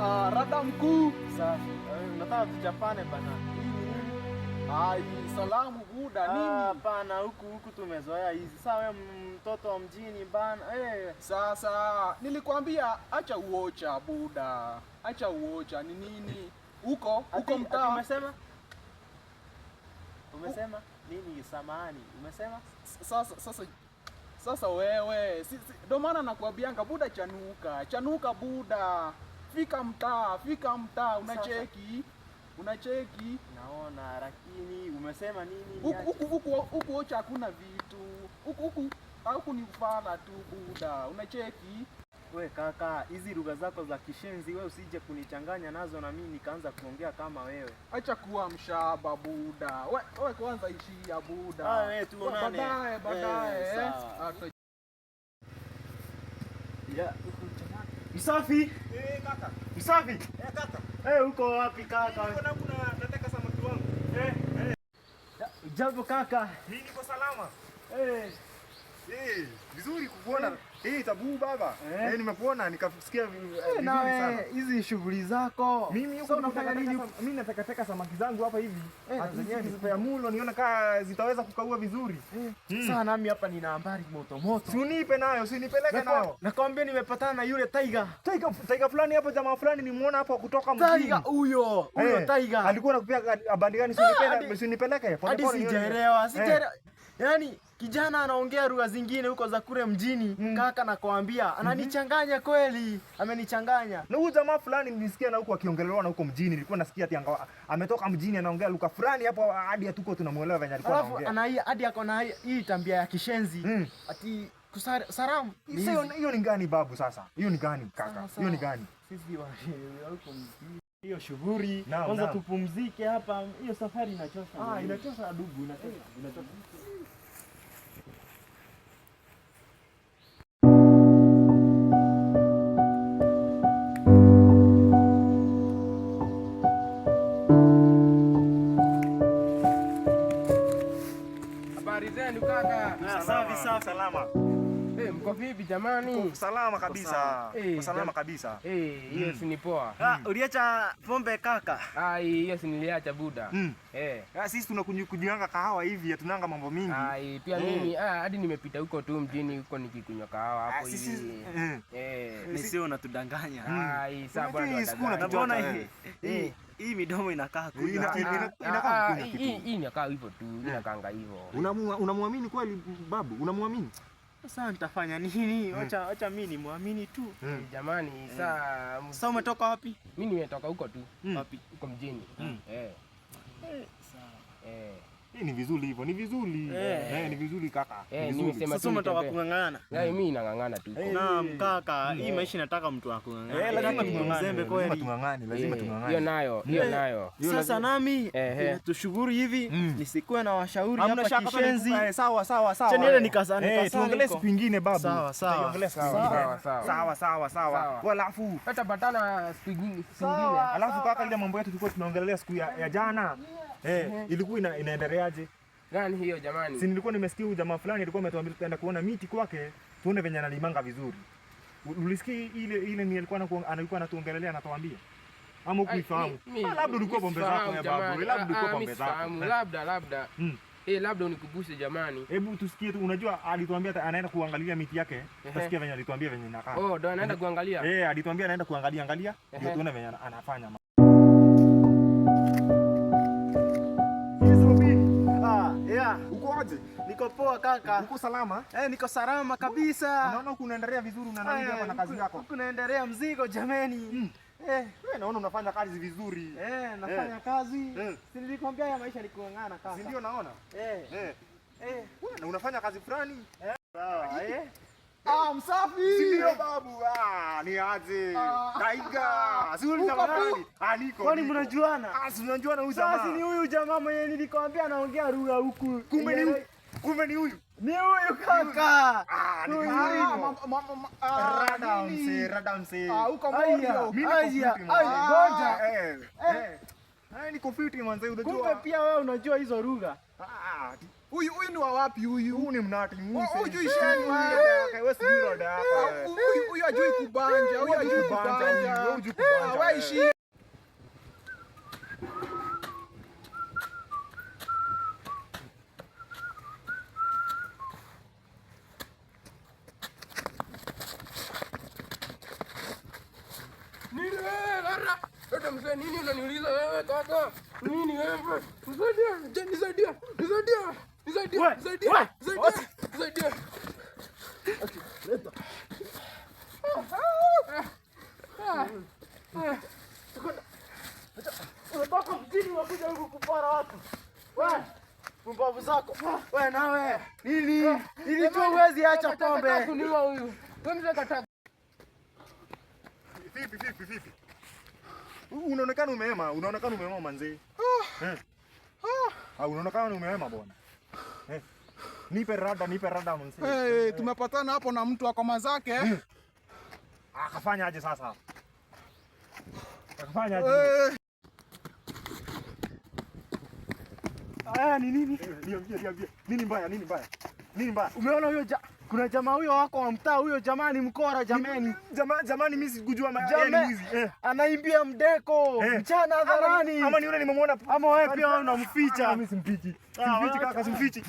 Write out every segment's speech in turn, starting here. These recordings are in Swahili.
Uh, rada mkuu safi. bana? Ah, salamu buda nini? Hapana, huku huku tumezoea hizi. mtoto wa mjini bana. Eh, sasa nilikwambia acha uocha buda, acha uocha ni nini? Huko huko mtaa umesema umesema nini? umesema sasa sasa sasa wewe, ndo maana nakuambianga buda, chanuka chanuka buda fika mtaa, fika mtaa, unacheki unacheki, naona lakini umesema nini huku huku huku, ocha hakuna vitu huku huku, huku ni ufala tu buda, unacheki We kaka, hizi lugha zako za kishenzi we usije kunichanganya nazo na mimi nikaanza kuongea kama wewe. Acha kuwa mshaba buda. We, we kwanza ishia buda. Ah, we tuonane. Baadaye baadaye. Eh, eh. Msafi? Eh, kaka. Msafi? Eh, kaka. Eh, uko wapi kaka? Niko na kuna nataka samaki wangu. Eh. eh. eh, eh. Jambo kaka. Mimi Niko salama. Eh. Eh, vizuri kukuona. Eh, eh Tabu baba. Eh, eh nimekuona nikafikia eh, vizuri sana. Hizi shughuli zako. Mimi huko unafanya nini? Mimi nataka teka samaki zangu hapa hivi. Ah, zenyewe mulo niona kama zitaweza kukaua vizuri. Hmm. Sasa nami hapa nina habari moto moto. Sunipe nayo, usinipeleke nayo. Nakwambia nimepatana na yule Tiger. Tiger, Tiger fulani hapo jamaa fulani nimuona hapo kutoka mjini. Tiger huyo. Huyo Tiger. Alikuwa anakupia habari gani? Ah, usinipeleke, usinipeleke. Hadi sijaelewa. Sijaelewa. Yaani Kijana anaongea lugha zingine huko za kule mjini mm. Kaka nakwambia mm-hmm. ananichanganya mm -hmm. Kweli amenichanganya. Na huyu jamaa fulani nilisikia na huko akiongelelewa na huko mjini, nilikuwa nasikia ati anga ametoka mjini anaongea lugha fulani hapo, hadi hatuko tunamuelewa venye alikuwa anaongea. Alafu ana hadi ako na hii tambia ya kishenzi mm. ati kusara, salamu hiyo ni ni gani babu? Sasa hiyo ni gani kaka? Hiyo ni gani? Sisi wa huko mjini hiyo shughuli kwanza, tupumzike hapa. Hiyo safari inachosha, ah, inachosha adubu, inachosha, inachosha. 辣嘛。Eh, mm. mko vipi jamani? Salama kabisa. Eh, salama kabisa. Eh, hiyo mm. si ni poa. Ah, uliacha pombe kaka? Ah, hiyo si niliacha buda. Eh. Ah, sisi tunakunywa kahawa hivi, tunanga mambo mingi. Ah, pia mimi ah hadi nimepita huko tu mjini huko nikikunywa kahawa hapo ah, hivi. Eh, Ni eh. nisio unatudanganya. Ah, sasa bwana tunatudanganya. Eh. Hii midomo inakaa kuja. Ah, ah, inakaa hivyo tu, inakaanga hivyo. Unamwamini kweli babu? Unamwamini? Sasa nitafanya nini? Hmm. Wacha acha mimi nimwamini tu. Hmm. Jamani, eh. saa sasa umetoka wapi? Mimi nimetoka huko tu. Hmm. Wapi? Huko mjini. Eh. Eh. Sawa. Eh. Eh, ni vizuri hivyo, ni vizuri eh, eh ni vizuri kaka. Eh, ni Sasa unataka kung'ang'ana? Mimi nang'ang'ana tu. Na kaka, hii maisha inataka mtu wa kung'ang'ana. Lazima tung'ang'ane, lazima tung'ang'ane, lazima tung'ang'ane. Hiyo nayo, hiyo nayo. Sasa nami eh, tushukuru hivi mm. nisikuwe na washauri hapa kishenzi. Sawa sawa sawa. Chenye ile nikasani kasani. Tuongelee siku nyingine babu. Sawa sawa. Sawa sawa sawa. Wala afu hata batana siku nyingine. Alafu kaka ile mambo yetu tulikuwa tunaongelea siku ya jana. Eh, ilikuwa ina, inaendeleaje? Gani hiyo jamani? Si nilikuwa nimesikia huyu jamaa fulani alikuwa ametuambia tutaenda kuona miti kwake, tuone venye analimanga vizuri. Ulisikia ile ile ni alikuwa anakuwa anatuongelelea anatuambia. Ama ukuifahamu? Ah, labda ulikuwa pombe zako ya eh, babu, labda ulikuwa ah, ah, pombe zako. Eh. Labda labda. Mm. Eh, labda unikuguse jamani. Hebu tusikie tu, unajua alituambia anaenda kuangalia miti yake. Tusikie venye alituambia venye inakaa. Oh, ndo anaenda kuangalia. Eh, alituambia anaenda kuangalia angalia, ndio tuone venye anafanya. Kaka, ukoje? Niko poa kaka. Uko salama? Eh, niko salama kabisa. Naona unaendelea vizuri unanaendelea eh, hapa na kazi yako. naendelea mzigo jameni. Mm. Eh, wewe naona unafanya kazi vizuri. Eh, eh. nafanya eh, kazi. Mm. Si nilikwambia ya maisha ni kuangana kaka. Si ndio naona? Eh. Eh. Eh, wewe unafanya kazi fulani? Eh. Sawa, eh. Ah, msafi. Ndio babu. Ah, ni aje. Taiga. Ah. Zuri ah. jamani. Aliko. Ah, Kwani mnajuana? Ah, si mnajuana huyu jamaa. Sasa ni huyu jamaa mwenye nilikwambia anaongea lugha huku. Kumbe ni Kumbe ni huyu. Ni huyu kaka. Ah, ni Radamse, Radamse. Ah, uko mbona? Mimi ngoja. Eh. eh, eh. Hai niko fiti manze, unajua. Kumbe pia wewe unajua hizo lugha. Ah, huyu huyu ni wa wapi huyu? Huyu ni mnati muse. Oh, oh, ah, huyu hujui shani wewe, kai wewe sijui roda hapa. Huyu ajui kubanja, huyu ajui kubanja. Wewe ah, ishi Unatoka Unaonekana umeema, unaonekana umeema manzee. Ah, eh. Ah, unaona kama ni umeema bwana eh. Nipe rada, nipe rada mzee. Hey, eh, tumepatana hapo na mtu akoma zake eh. Ah, kafanya aje sasa? Kafanya aje? Hey. Ah, ni nini? Niambie, niambie. Nini mbaya, nini mbaya? Nini mbaya? Umeona huyo ja kuna jamaa huyo wako wa mtaa huyo, jamani mkora, jamani jamaa, jamani mimi sikujua majani hizi eh. Anaimbia mdeko eh, mchana hadharani. Ama ni yule nimemwona, ama wewe pia unamficha? Ah, mimi simfichi, ah, simfichi kaka, simfichi.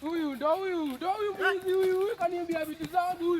Huyu ndo huyu ndo huyu mwizi huyu, kaniambia vitu zangu.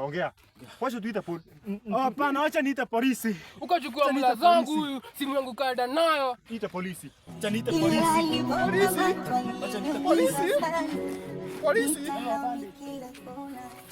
Ongea. Wacha tuita polisi. Hapana, wacha niita polisi. Ukachukua mla zangu huyu, simu yangu kaenda nayo. Ita polisi. Wacha niita polisi. Polisi. Wacha niita polisi. Polisi.